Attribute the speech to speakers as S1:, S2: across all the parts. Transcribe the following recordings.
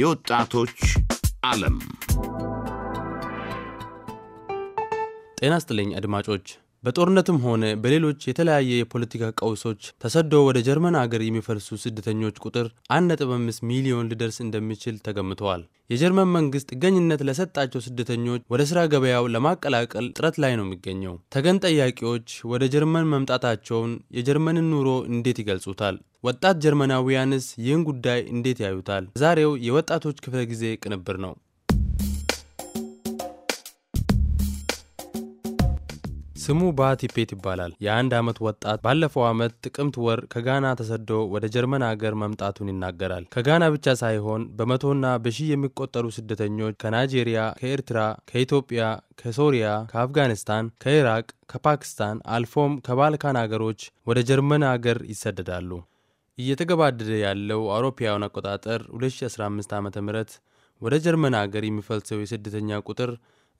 S1: የወጣቶች ዓለም ጤና ስጥልኝ አድማጮች በጦርነትም ሆነ በሌሎች የተለያየ የፖለቲካ ቀውሶች ተሰዶ ወደ ጀርመን አገር የሚፈልሱ ስደተኞች ቁጥር 1.5 ሚሊዮን ሊደርስ እንደሚችል ተገምተዋል። የጀርመን መንግስት ጥገኝነት ለሰጣቸው ስደተኞች ወደ ስራ ገበያው ለማቀላቀል ጥረት ላይ ነው የሚገኘው። ተገን ጠያቂዎች ወደ ጀርመን መምጣታቸውን የጀርመንን ኑሮ እንዴት ይገልጹታል? ወጣት ጀርመናዊያንስ ይህን ጉዳይ እንዴት ያዩታል? ዛሬው የወጣቶች ክፍለ ጊዜ ቅንብር ነው። ስሙ ባቲፔት ይባላል። የአንድ ዓመት ወጣት ባለፈው ዓመት ጥቅምት ወር ከጋና ተሰዶ ወደ ጀርመን አገር መምጣቱን ይናገራል። ከጋና ብቻ ሳይሆን በመቶና በሺህ የሚቆጠሩ ስደተኞች ከናይጄሪያ፣ ከኤርትራ፣ ከኢትዮጵያ፣ ከሶሪያ፣ ከአፍጋኒስታን፣ ከኢራቅ፣ ከፓኪስታን አልፎም ከባልካን አገሮች ወደ ጀርመን አገር ይሰደዳሉ። እየተገባደደ ያለው አውሮፓውያን አቆጣጠር 2015 ዓ ም ወደ ጀርመን አገር የሚፈልሰው የስደተኛ ቁጥር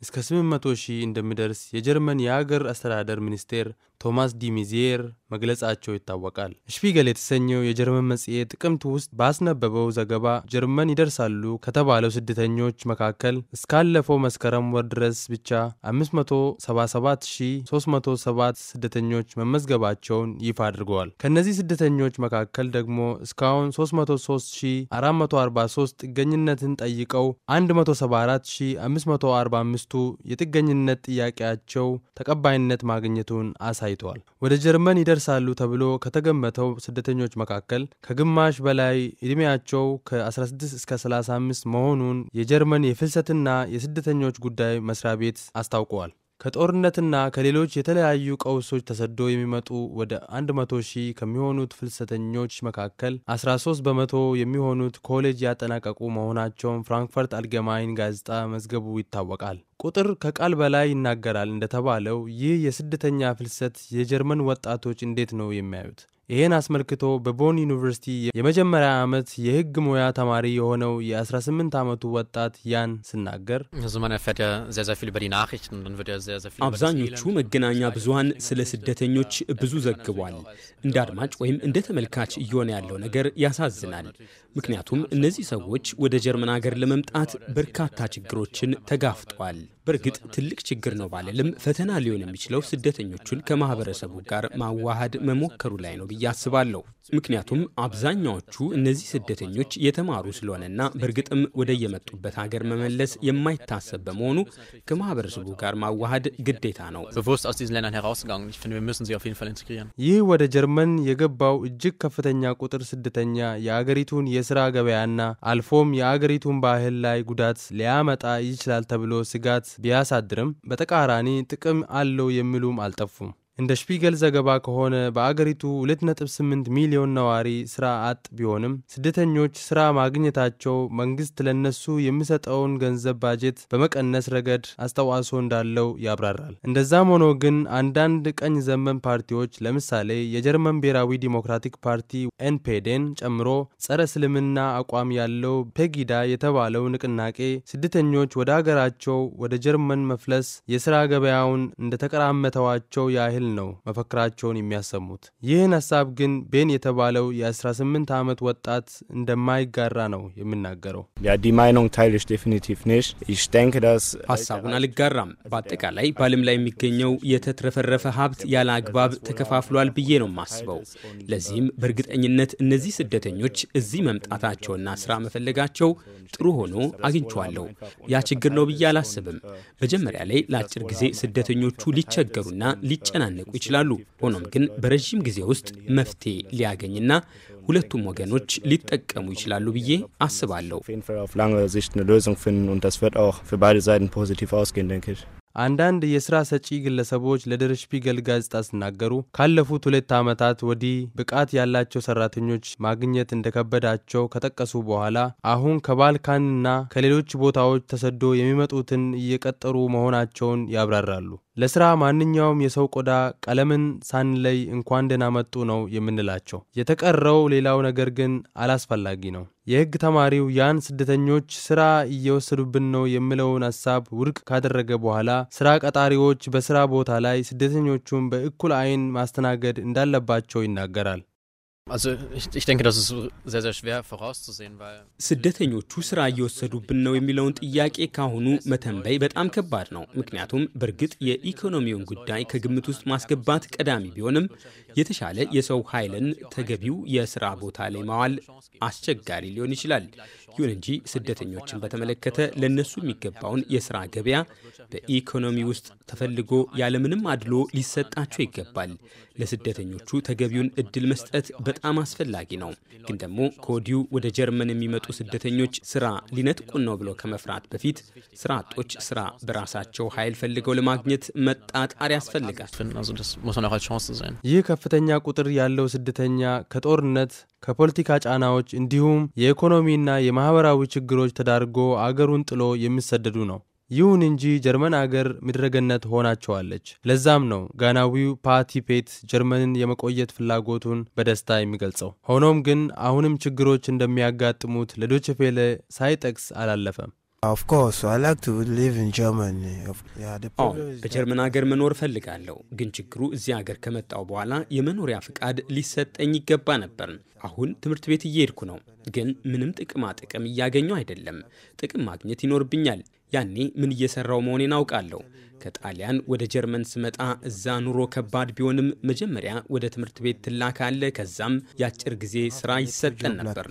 S1: እስከ 800 ሺህ እንደሚደርስ የጀርመን የአገር አስተዳደር ሚኒስቴር ቶማስ ዲሚዚየር መግለጻቸው ይታወቃል። ሽፒገል የተሰኘው የጀርመን መጽሔት ጥቅምት ውስጥ ባስነበበው ዘገባ ጀርመን ይደርሳሉ ከተባለው ስደተኞች መካከል እስካለፈው መስከረም ወር ድረስ ብቻ 577307 ስደተኞች መመዝገባቸውን ይፋ አድርገዋል። ከእነዚህ ስደተኞች መካከል ደግሞ እስካሁን 33443 ጥገኝነትን ጠይቀው 174545ቱ የጥገኝነት ጥያቄያቸው ተቀባይነት ማግኘቱን አሳይተዋል። ወደ ጀርመን ይደር ይደርሳሉ ተብሎ ከተገመተው ስደተኞች መካከል ከግማሽ በላይ ዕድሜያቸው ከ16 እስከ 35 መሆኑን የጀርመን የፍልሰትና የስደተኞች ጉዳይ መስሪያ ቤት አስታውቀዋል። ከጦርነትና ከሌሎች የተለያዩ ቀውሶች ተሰዶ የሚመጡ ወደ 100 ሺህ ከሚሆኑት ፍልሰተኞች መካከል 13 በመቶ የሚሆኑት ኮሌጅ ያጠናቀቁ መሆናቸውን ፍራንክፈርት አልገማይን ጋዜጣ መዝገቡ ይታወቃል። ቁጥር ከቃል በላይ ይናገራል እንደተባለው ይህ የስደተኛ ፍልሰት የጀርመን ወጣቶች እንዴት ነው የሚያዩት? ይህን አስመልክቶ በቦን ዩኒቨርሲቲ የመጀመሪያ ዓመት የህግ ሙያ ተማሪ የሆነው የ18 ዓመቱ ወጣት ያን ስናገር አብዛኞቹ መገናኛ ብዙሀን ስለ
S2: ስደተኞች ብዙ ዘግቧል። እንደ አድማጭ ወይም እንደ ተመልካች እየሆነ ያለው ነገር ያሳዝናል። ምክንያቱም እነዚህ ሰዎች ወደ ጀርመን ሀገር ለመምጣት በርካታ ችግሮችን ተጋፍጠዋል። በእርግጥ ትልቅ ችግር ነው ባለልም ፈተና ሊሆን የሚችለው ስደተኞቹን ከማህበረሰቡ ጋር ማዋሃድ መሞከሩ ላይ ነው ብዬ አስባለሁ። ምክንያቱም አብዛኛዎቹ እነዚህ ስደተኞች የተማሩ ስለሆነና በእርግጥም ወደ የመጡበት ሀገር መመለስ የማይታሰብ በመሆኑ ከማህበረሰቡ ጋር ማዋሃድ ግዴታ ነው።
S1: ይህ ወደ ጀርመን የገባው እጅግ ከፍተኛ ቁጥር ስደተኛ የአገሪቱን የስራ ገበያና አልፎም የአገሪቱን ባህል ላይ ጉዳት ሊያመጣ ይችላል ተብሎ ስጋት ቢያሳድርም በተቃራኒ ጥቅም አለው የሚሉም አልጠፉም። እንደ ሽፒገል ዘገባ ከሆነ በአገሪቱ 2.8 ሚሊዮን ነዋሪ ሥራ አጥ ቢሆንም ስደተኞች ሥራ ማግኘታቸው መንግስት ለነሱ የሚሰጠውን ገንዘብ ባጀት በመቀነስ ረገድ አስተዋጽኦ እንዳለው ያብራራል። እንደዛም ሆኖ ግን አንዳንድ ቀኝ ዘመን ፓርቲዎች ለምሳሌ የጀርመን ብሔራዊ ዲሞክራቲክ ፓርቲ ኤንፔዴን ጨምሮ ጸረ እስልምና አቋም ያለው ፔጊዳ የተባለው ንቅናቄ ስደተኞች ወደ አገራቸው ወደ ጀርመን መፍለስ የሥራ ገበያውን እንደተቀራመተዋቸው ያህል ነው መፈክራቸውን የሚያሰሙት። ይህን ሀሳብ ግን ቤን የተባለው የ18 ዓመት ወጣት እንደማይጋራ ነው የሚናገረው።
S2: ሀሳቡን አልጋራም። በአጠቃላይ በዓለም ላይ የሚገኘው የተትረፈረፈ ሀብት ያለ አግባብ ተከፋፍሏል ብዬ ነው የማስበው። ለዚህም በእርግጠኝነት እነዚህ ስደተኞች እዚህ መምጣታቸውና ስራ መፈለጋቸው ጥሩ ሆኖ አግኝቸዋለሁ። ያ ችግር ነው ብዬ አላስብም። መጀመሪያ ላይ ለአጭር ጊዜ ስደተኞቹ ሊቸገሩና ሊጨናነቁ ሊያለቁ ይችላሉ። ሆኖም ግን በረዥም ጊዜ ውስጥ መፍትሄ ሊያገኝና ሁለቱም ወገኖች
S1: ሊጠቀሙ ይችላሉ ብዬ አስባለሁ። አንዳንድ የስራ ሰጪ ግለሰቦች ለደር ጋዜጣ ሲናገሩ ካለፉት ሁለት ዓመታት ወዲህ ብቃት ያላቸው ሰራተኞች ማግኘት እንደከበዳቸው ከጠቀሱ በኋላ አሁን ከባልካንና ከሌሎች ቦታዎች ተሰዶ የሚመጡትን እየቀጠሩ መሆናቸውን ያብራራሉ። ለስራ ማንኛውም የሰው ቆዳ ቀለምን ሳንለይ እንኳን ደህና መጡ ነው የምንላቸው። የተቀረው ሌላው ነገር ግን አላስፈላጊ ነው። የሕግ ተማሪው ያን ስደተኞች ስራ እየወሰዱብን ነው የሚለውን ሀሳብ ውድቅ ካደረገ በኋላ ስራ ቀጣሪዎች በስራ ቦታ ላይ ስደተኞቹን በእኩል አይን ማስተናገድ እንዳለባቸው ይናገራል። Also ich, ich denke, das ist
S2: sehr, sehr schwer vorauszusehen, weil
S1: ስደተኞቹ ስራ እየወሰዱብን ነው የሚለውን ጥያቄ ካሁኑ
S2: መተንበይ በጣም ከባድ ነው። ምክንያቱም በእርግጥ የኢኮኖሚውን ጉዳይ ከግምት ውስጥ ማስገባት ቀዳሚ ቢሆንም የተሻለ የሰው ኃይልን ተገቢው የስራ ቦታ ላይ ማዋል አስቸጋሪ ሊሆን ይችላል። ይሁን እንጂ ስደተኞችን በተመለከተ ለእነሱ የሚገባውን የስራ ገበያ በኢኮኖሚ ውስጥ ተፈልጎ ያለምንም አድሎ ሊሰጣቸው ይገባል። ለስደተኞቹ ተገቢውን እድል መስጠት በጣም አስፈላጊ ነው። ግን ደግሞ ከወዲሁ ወደ ጀርመን የሚመጡ ስደተኞች ስራ ሊነጥቁን ነው ብሎ ከመፍራት በፊት ስራ አጦች ስራ በራሳቸው ኃይል ፈልገው ለማግኘት መጣጣር ያስፈልጋል።
S1: ይህ ከፍተኛ ቁጥር ያለው ስደተኛ ከጦርነት ከፖለቲካ ጫናዎች እንዲሁም የኢኮኖሚና የማህበራዊ ችግሮች ተዳርጎ አገሩን ጥሎ የሚሰደዱ ነው። ይሁን እንጂ ጀርመን አገር ምድረገነት ሆናቸዋለች። ለዛም ነው ጋናዊው ፓቲፔት ጀርመንን የመቆየት ፍላጎቱን በደስታ የሚገልጸው። ሆኖም ግን አሁንም ችግሮች እንደሚያጋጥሙት ለዶቼ ቬለ ሳይጠቅስ አላለፈም። በጀርመን ሀገር መኖር እፈልጋለሁ፣ ግን ችግሩ እዚህ
S2: ሀገር ከመጣው በኋላ የመኖሪያ ፍቃድ ሊሰጠኝ ይገባ ነበር። አሁን ትምህርት ቤት እየሄድኩ ነው፣ ግን ምንም ጥቅማ ጥቅም እያገኘው አይደለም። ጥቅም ማግኘት ይኖርብኛል። ያኔ ምን እየሰራው መሆኔን አውቃለሁ። ከጣሊያን ወደ ጀርመን ስመጣ እዛ ኑሮ ከባድ ቢሆንም መጀመሪያ ወደ ትምህርት ቤት ትላካለ። ከዛም የአጭር ጊዜ ስራ ይሰጠን ነበር።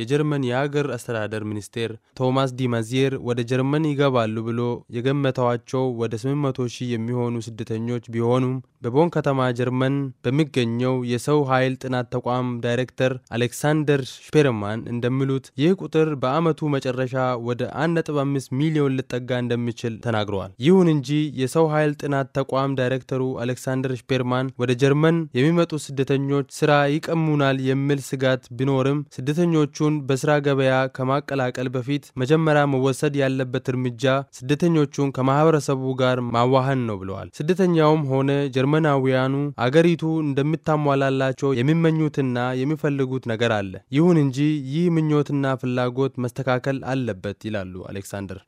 S1: የጀርመን የአገር አስተዳደር ሚኒስቴር ቶማስ ዲማዚየር ወደ ጀርመን ይገባሉ ብሎ የገመተዋቸው ወደ 800 ሺህ የሚሆኑ ስደተኞች ቢሆኑም በቦን ከተማ ጀርመን በሚገኘው የሰው ኃይል ጥናት ተቋም ዳይሬክተር አሌክሳንደር ሽፔርማን እንደሚሉት ይህ ቁጥር በአመቱ መጨረሻ ወደ 1.5 ሚሊዮን ልጠጋ እንደሚችል ተናግረዋል። ይሁን እንጂ የሰው ኃይል ጥናት ተቋም ዳይሬክተሩ አሌክሳንደር ሽፔርማን ወደ ጀርመን የሚመጡ ስደተኞች ስራ ይቀሙናል የሚል ስጋት ቢኖርም ስደተኞቹን በስራ ገበያ ከማቀላቀል በፊት መጀመሪያ መወሰድ ያለበት እርምጃ ስደተኞቹን ከማህበረሰቡ ጋር ማዋሃን ነው ብለዋል። ስደተኛውም ሆነ ጀርመናውያኑ አገሪቱ እንደምታሟላላቸው የሚመኙትና የሚፈልጉት ነገር አለ። ይሁን እንጂ ይህ ምኞትና ፍላጎት መስተካከል አለበት ይላሉ አሌክሳንደር።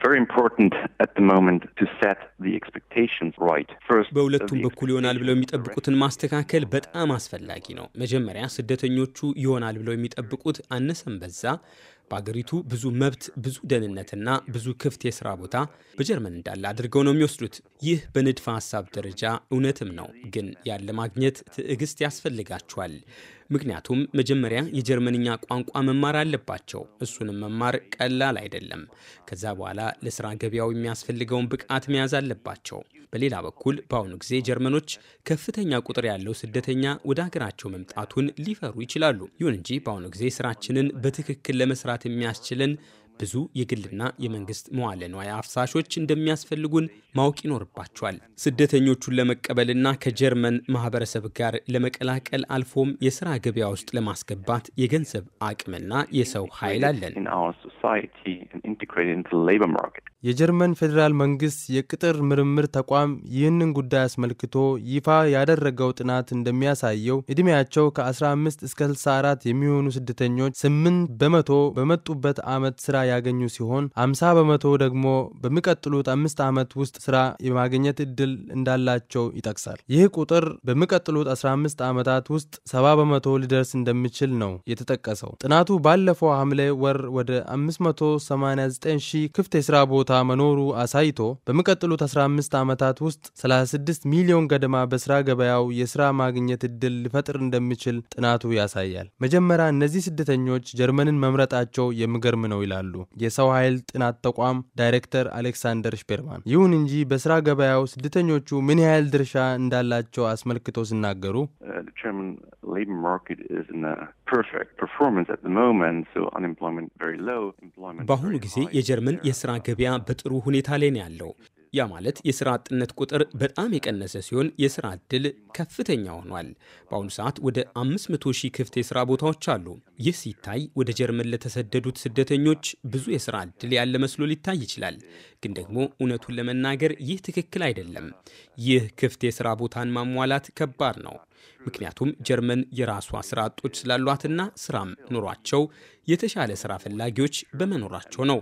S1: በሁለቱም
S2: በኩል ይሆናል ብለው የሚጠብቁትን ማስተካከል በጣም አስፈላጊ ነው። መጀመሪያ ስደተኞቹ ይሆናል ብለው የሚጠብቁት አነሰም በዛ በአገሪቱ ብዙ መብት፣ ብዙ ደህንነትና ብዙ ክፍት የስራ ቦታ በጀርመን እንዳለ አድርገው ነው የሚወስዱት። ይህ በንድፈ ሀሳብ ደረጃ እውነትም ነው፣ ግን ያለ ማግኘት ትዕግስት ያስፈልጋቸዋል። ምክንያቱም መጀመሪያ የጀርመንኛ ቋንቋ መማር አለባቸው። እሱንም መማር ቀላል አይደለም። ከዛ በኋላ ለስራ ገበያው የሚያስፈልገውን ብቃት መያዝ አለባቸው። በሌላ በኩል በአሁኑ ጊዜ ጀርመኖች ከፍተኛ ቁጥር ያለው ስደተኛ ወደ ሀገራቸው መምጣቱን ሊፈሩ ይችላሉ። ይሁን እንጂ በአሁኑ ጊዜ ስራችንን በትክክል ለመስራት ለመስራት የሚያስችልን ብዙ የግልና የመንግስት መዋለ ንዋይ አፍሳሾች እንደሚያስፈልጉን ማወቅ ይኖርባቸዋል። ስደተኞቹን ለመቀበልና ከጀርመን ማህበረሰብ ጋር ለመቀላቀል አልፎም የስራ ገበያ ውስጥ ለማስገባት የገንዘብ አቅምና የሰው ኃይል አለን።
S1: የጀርመን ፌዴራል መንግስት የቅጥር ምርምር ተቋም ይህንን ጉዳይ አስመልክቶ ይፋ ያደረገው ጥናት እንደሚያሳየው ዕድሜያቸው ከ15 እስከ 64 የሚሆኑ ስደተኞች 8 በመቶ በመጡበት ዓመት ስራ ያገኙ ሲሆን 50 በመቶ ደግሞ በሚቀጥሉት አምስት ዓመት ውስጥ ስራ የማግኘት እድል እንዳላቸው ይጠቅሳል። ይህ ቁጥር በሚቀጥሉት 15 ዓመታት ውስጥ 70 በመቶ ሊደርስ እንደሚችል ነው የተጠቀሰው። ጥናቱ ባለፈው ሐምሌ ወር ወደ 589 ሺህ ክፍት የስራ ቦታ መኖሩ አሳይቶ በሚቀጥሉት 15 ዓመታት ውስጥ 36 ሚሊዮን ገደማ በስራ ገበያው የስራ ማግኘት እድል ሊፈጥር እንደሚችል ጥናቱ ያሳያል። መጀመሪያ እነዚህ ስደተኞች ጀርመንን መምረጣቸው የሚገርም ነው ይላሉ። የሰው ኃይል ጥናት ተቋም ዳይሬክተር አሌክሳንደር ሽፔርማን። ይሁን እንጂ በስራ ገበያው ስደተኞቹ ምን ያህል ድርሻ እንዳላቸው አስመልክቶ ሲናገሩ uh, በአሁኑ ጊዜ የጀርመን
S2: የስራ ገበያ በጥሩ ሁኔታ ላይ ነው ያለው። ያ ማለት የስራ አጥነት ቁጥር በጣም የቀነሰ ሲሆን የስራ ዕድል ከፍተኛ ሆኗል። በአሁኑ ሰዓት ወደ 500 ሺህ ክፍት የስራ ቦታዎች አሉ። ይህ ሲታይ ወደ ጀርመን ለተሰደዱት ስደተኞች ብዙ የስራ ዕድል ያለ መስሎ ሊታይ ይችላል። ግን ደግሞ እውነቱን ለመናገር ይህ ትክክል አይደለም። ይህ ክፍት የስራ ቦታን ማሟላት ከባድ ነው። ምክንያቱም ጀርመን የራሷ ስራ አጦች ስላሏትና ስራም ኑሯቸው የተሻለ ስራ ፈላጊዎች በመኖራቸው ነው።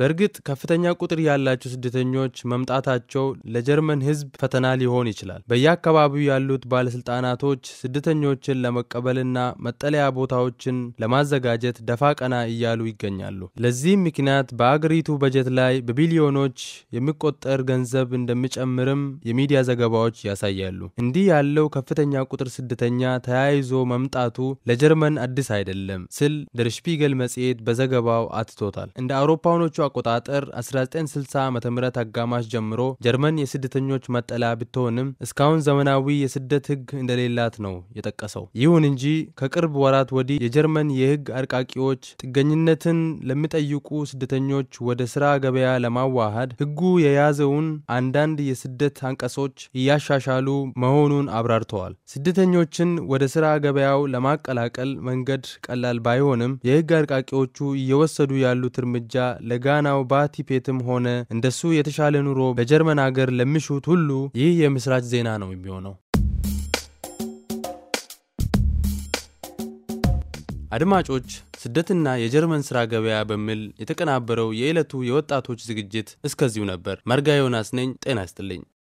S1: በእርግጥ ከፍተኛ ቁጥር ያላቸው ስደተኞች መምጣታቸው ለጀርመን ሕዝብ ፈተና ሊሆን ይችላል። በየአካባቢው ያሉት ባለስልጣናቶች ስደተኞችን ለመቀበልና መጠለያ ቦታዎችን ለማዘጋጀት ደፋ ቀና እያሉ ይገኛሉ። ለዚህም ምክንያት በአገሪቱ በጀት ላይ በቢሊዮኖች የሚቆጠር ገንዘብ እንደሚጨምርም የሚዲያ ዘገባዎች ያሳያሉ። እንዲህ ያለው ከፍተኛ ቁጥር ስደተኛ ተያይዞ መምጣቱ ለጀርመን አዲስ አይደለም ስል ደርሽፒገል መጽሔት በዘገባው አትቶታል። እንደ አውሮፓውያኖቹ አቆጣጠር 1960 ዓ ም አጋማሽ ጀምሮ ጀርመን የስደተኞች መጠለያ ብትሆንም እስካሁን ዘመናዊ የስደት ህግ እንደሌላት ነው የጠቀሰው። ይሁን እንጂ ከቅርብ ወራት ወዲህ የጀርመን የህግ አርቃቂዎች ጥገኝነትን ለሚጠይቁ ስደተኞች ወደ ስራ ገበያ ለማዋሃድ ህጉ የያዘውን አንዳንድ የስደት አንቀሶች እያሻሻሉ መሆኑን አብራርተዋል። ስደተኞችን ወደ ስራ ገበያው ለማቀላቀል መንገድ ቀላል ባይሆንም የህግ አርቃቂዎቹ እየወሰዱ ያሉት እርምጃ ለጋ ጋናው ባቲ ፔትም ሆነ እንደሱ የተሻለ ኑሮ በጀርመን አገር ለሚሹት ሁሉ ይህ የምስራች ዜና ነው የሚሆነው። አድማጮች፣ ስደትና የጀርመን ስራ ገበያ በሚል የተቀናበረው የዕለቱ የወጣቶች ዝግጅት እስከዚሁ ነበር። መርጋ ዮናስ ነኝ። ጤና ይስጥልኝ።